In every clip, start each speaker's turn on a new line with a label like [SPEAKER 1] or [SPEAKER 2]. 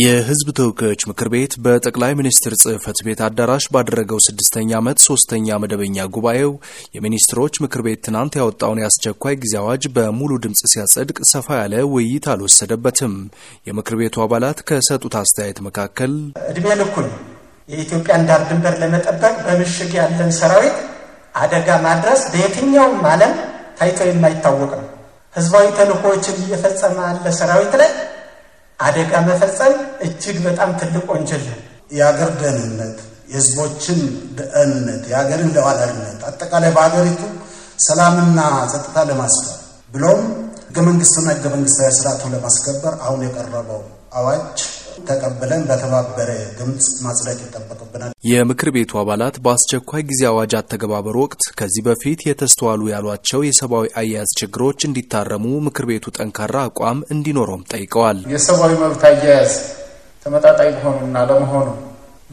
[SPEAKER 1] የህዝብ ተወካዮች ምክር ቤት በጠቅላይ ሚኒስትር ጽህፈት ቤት አዳራሽ ባደረገው ስድስተኛ ዓመት ሶስተኛ መደበኛ ጉባኤው የሚኒስትሮች ምክር ቤት ትናንት ያወጣውን የአስቸኳይ ጊዜ አዋጅ በሙሉ ድምፅ ሲያጸድቅ ሰፋ ያለ ውይይት አልወሰደበትም። የምክር ቤቱ አባላት ከሰጡት አስተያየት መካከል
[SPEAKER 2] እድሜ ልኩን የኢትዮጵያን ዳር ድንበር ለመጠበቅ በምሽግ ያለን ሰራዊት አደጋ ማድረስ በየትኛውም ዓለም ታይቶ የማይታወቅ ነው። ህዝባዊ ተልእኮዎችን እየፈጸመ ያለ ሰራዊት ላይ አደጋ መፈጸም እጅግ በጣም ትልቅ ወንጀል ነው። የአገር ደህንነት፣ የህዝቦችን ደህንነት፣
[SPEAKER 1] የሀገርን ሉዓላዊነት አጠቃላይ በሀገሪቱ ሰላምና ጸጥታ ለማስፈን ብሎም ህገ መንግስትና ህገ መንግስታዊ ስርዓቱን ለማስከበር አሁን የቀረበው አዋጅ ተቀብለን በተባበረ ድምፅ ማጽደቅ ይጠበቅብናል። የምክር ቤቱ አባላት በአስቸኳይ ጊዜ አዋጅ አተገባበር ወቅት ከዚህ በፊት የተስተዋሉ ያሏቸው የሰብአዊ አያያዝ ችግሮች እንዲታረሙ ምክር ቤቱ ጠንካራ አቋም እንዲኖረውም ጠይቀዋል። የሰብአዊ መብት አያያዝ
[SPEAKER 2] ተመጣጣኝ መሆኑና ለመሆኑ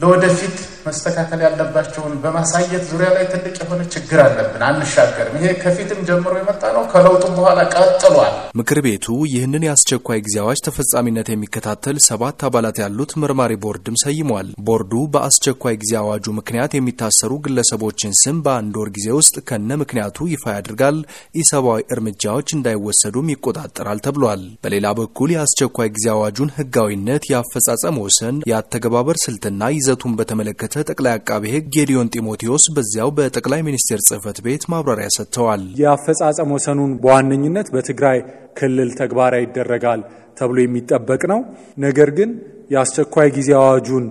[SPEAKER 2] ለወደፊት መስተካከል ያለባቸውን በማሳየት ዙሪያ ላይ ትልቅ የሆነ ችግር አለብን፣ አንሻገርም። ይሄ ከፊትም ጀምሮ የመጣ ነው፣ ከለውጡም በኋላ
[SPEAKER 1] ቀጥሏል። ምክር ቤቱ ይህንን የአስቸኳይ ጊዜ አዋጅ ተፈጻሚነት የሚከታተል ሰባት አባላት ያሉት መርማሪ ቦርድም ሰይሟል። ቦርዱ በአስቸኳይ ጊዜ አዋጁ ምክንያት የሚታሰሩ ግለሰቦችን ስም በአንድ ወር ጊዜ ውስጥ ከነ ምክንያቱ ይፋ ያደርጋል፣ ኢሰብአዊ እርምጃዎች እንዳይወሰዱም ይቆጣጠራል ተብሏል። በሌላ በኩል የአስቸኳይ ጊዜ አዋጁን ህጋዊነት፣ የአፈጻጸም ወሰን፣ የአተገባበር ስልትና ይዘ ይዘቱን በተመለከተ ጠቅላይ አቃቤ ሕግ ጌዲዮን ጢሞቴዎስ በዚያው በጠቅላይ ሚኒስቴር ጽህፈት ቤት ማብራሪያ ሰጥተዋል። የአፈጻጸም ወሰኑን በዋነኝነት
[SPEAKER 2] በትግራይ ክልል ተግባራዊ ይደረጋል ተብሎ የሚጠበቅ ነው። ነገር ግን የአስቸኳይ ጊዜ አዋጁን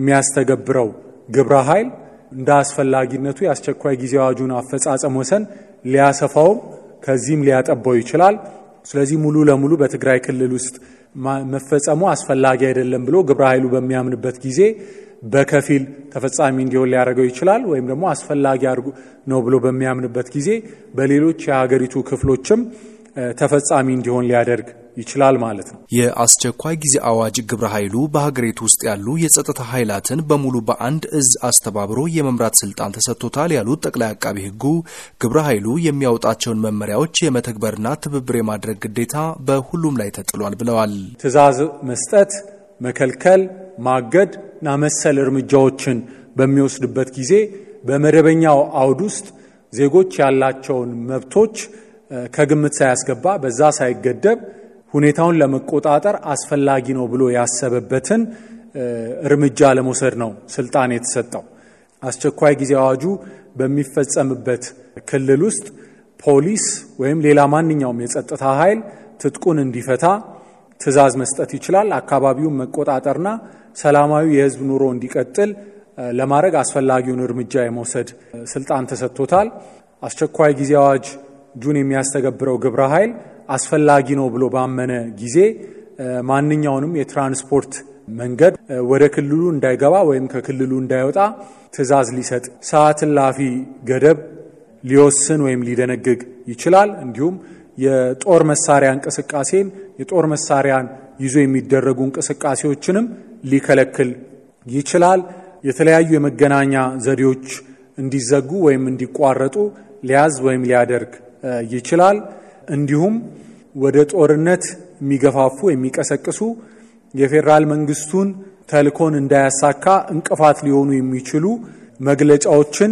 [SPEAKER 2] የሚያስተገብረው ግብረ ኃይል እንደ አስፈላጊነቱ የአስቸኳይ ጊዜ አዋጁን አፈጻጸም ወሰን ሊያሰፋውም ከዚህም ሊያጠባው ይችላል። ስለዚህ ሙሉ ለሙሉ በትግራይ ክልል ውስጥ መፈጸሙ አስፈላጊ አይደለም ብሎ ግብረ ኃይሉ በሚያምንበት ጊዜ በከፊል ተፈጻሚ እንዲሆን ሊያደርገው ይችላል ወይም ደግሞ አስፈላጊ አድርጎ ነው ብሎ በሚያምንበት ጊዜ በሌሎች የሀገሪቱ ክፍሎችም
[SPEAKER 1] ተፈጻሚ እንዲሆን ሊያደርግ ይችላል ማለት ነው። የአስቸኳይ ጊዜ አዋጅ ግብረ ኃይሉ በሀገሪቱ ውስጥ ያሉ የጸጥታ ኃይላትን በሙሉ በአንድ እዝ አስተባብሮ የመምራት ስልጣን ተሰጥቶታል ያሉት ጠቅላይ አቃቢ ሕጉ ግብረ ኃይሉ የሚያወጣቸውን መመሪያዎች የመተግበርና ትብብር የማድረግ ግዴታ በሁሉም ላይ ተጥሏል ብለዋል። ትዕዛዝ መስጠት፣
[SPEAKER 2] መከልከል ማገድ ና መሰል እርምጃዎችን በሚወስድበት ጊዜ በመደበኛው አውድ ውስጥ ዜጎች ያላቸውን መብቶች ከግምት ሳያስገባ በዛ ሳይገደብ ሁኔታውን ለመቆጣጠር አስፈላጊ ነው ብሎ ያሰበበትን እርምጃ ለመውሰድ ነው ስልጣን የተሰጠው። አስቸኳይ ጊዜ አዋጁ በሚፈጸምበት ክልል ውስጥ ፖሊስ ወይም ሌላ ማንኛውም የጸጥታ ኃይል ትጥቁን እንዲፈታ ትዕዛዝ መስጠት ይችላል። አካባቢውን መቆጣጠርና ሰላማዊ የህዝብ ኑሮ እንዲቀጥል ለማድረግ አስፈላጊውን እርምጃ የመውሰድ ስልጣን ተሰጥቶታል። አስቸኳይ ጊዜ አዋጅ ጁን የሚያስተገብረው ግብረ ኃይል አስፈላጊ ነው ብሎ ባመነ ጊዜ ማንኛውንም የትራንስፖርት መንገድ ወደ ክልሉ እንዳይገባ ወይም ከክልሉ እንዳይወጣ ትእዛዝ ሊሰጥ፣ ሰዓት እላፊ ገደብ ሊወስን ወይም ሊደነግግ ይችላል። እንዲሁም የጦር መሳሪያ እንቅስቃሴን የጦር መሳሪያን ይዞ የሚደረጉ እንቅስቃሴዎችንም ሊከለክል ይችላል። የተለያዩ የመገናኛ ዘዴዎች እንዲዘጉ ወይም እንዲቋረጡ ሊያዝ ወይም ሊያደርግ ይችላል። እንዲሁም ወደ ጦርነት የሚገፋፉ የሚቀሰቅሱ የፌዴራል መንግስቱን ተልኮን እንዳያሳካ እንቅፋት ሊሆኑ የሚችሉ መግለጫዎችን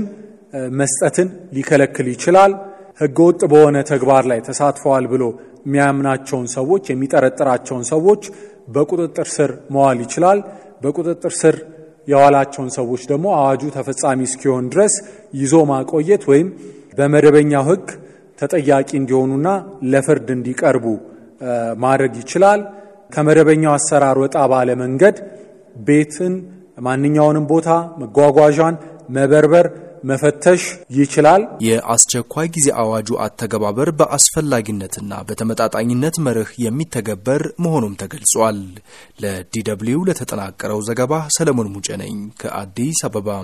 [SPEAKER 2] መስጠትን ሊከለክል ይችላል። ህገወጥ በሆነ ተግባር ላይ ተሳትፈዋል ብሎ የሚያምናቸውን ሰዎች የሚጠረጥራቸውን ሰዎች በቁጥጥር ስር መዋል ይችላል። በቁጥጥር ስር የዋላቸውን ሰዎች ደግሞ አዋጁ ተፈጻሚ እስኪሆን ድረስ ይዞ ማቆየት ወይም በመደበኛው ህግ ተጠያቂ እንዲሆኑና ለፍርድ እንዲቀርቡ ማድረግ ይችላል። ከመደበኛው አሰራር ወጣ ባለ መንገድ ቤትን፣ ማንኛውንም ቦታ መጓጓዣን መበርበር
[SPEAKER 1] መፈተሽ ይችላል። የአስቸኳይ ጊዜ አዋጁ አተገባበር በአስፈላጊነትና በተመጣጣኝነት መርህ የሚተገበር መሆኑም ተገልጿል። ለዲደብሊው ለተጠናቀረው ዘገባ ሰለሞን ሙጬ ነኝ ከአዲስ አበባ።